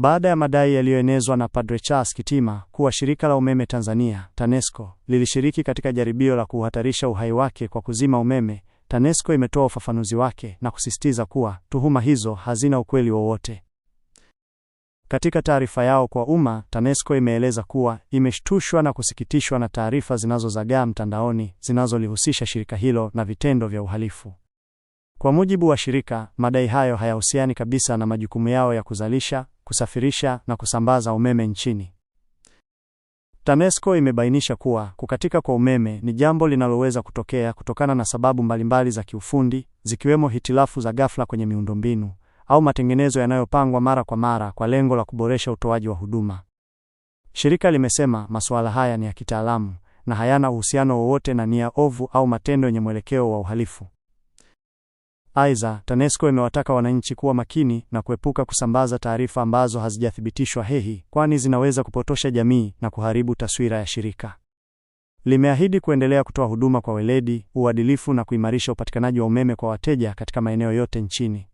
Baada ya madai yaliyoenezwa na Padre Charles Kitima kuwa shirika la umeme Tanzania TANESCO lilishiriki katika jaribio la kuhatarisha uhai wake kwa kuzima umeme, TANESCO imetoa ufafanuzi wake na kusisitiza kuwa tuhuma hizo hazina ukweli wowote. Katika taarifa yao kwa umma, TANESCO imeeleza kuwa imeshtushwa na kusikitishwa na taarifa zinazozagaa mtandaoni zinazolihusisha shirika hilo na vitendo vya uhalifu. Kwa mujibu wa shirika, madai hayo hayahusiani kabisa na majukumu yao ya kuzalisha kusafirisha na kusambaza umeme nchini. TANESCO imebainisha kuwa kukatika kwa umeme ni jambo linaloweza kutokea kutokana na sababu mbalimbali za kiufundi zikiwemo hitilafu za ghafla kwenye miundombinu au matengenezo yanayopangwa mara kwa mara kwa lengo la kuboresha utoaji wa huduma. Shirika limesema masuala haya ni ya kitaalamu na hayana uhusiano wowote na nia ovu au matendo yenye mwelekeo wa uhalifu. Aidha, TANESCO imewataka wananchi kuwa makini na kuepuka kusambaza taarifa ambazo hazijathibitishwa hehi, kwani zinaweza kupotosha jamii na kuharibu taswira ya shirika. Limeahidi kuendelea kutoa huduma kwa weledi, uadilifu na kuimarisha upatikanaji wa umeme kwa wateja katika maeneo yote nchini.